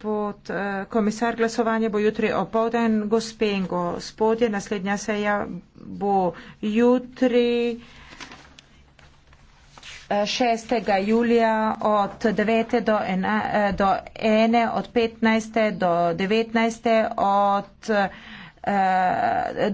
gospod eh, komisar, glasovanje bo jutri opovden. Gospe in gospodje, naslednja seja bo jutri 6. Eh, julija od 9. do 1. Eh, do 1 od 15. do 19. od. Uh,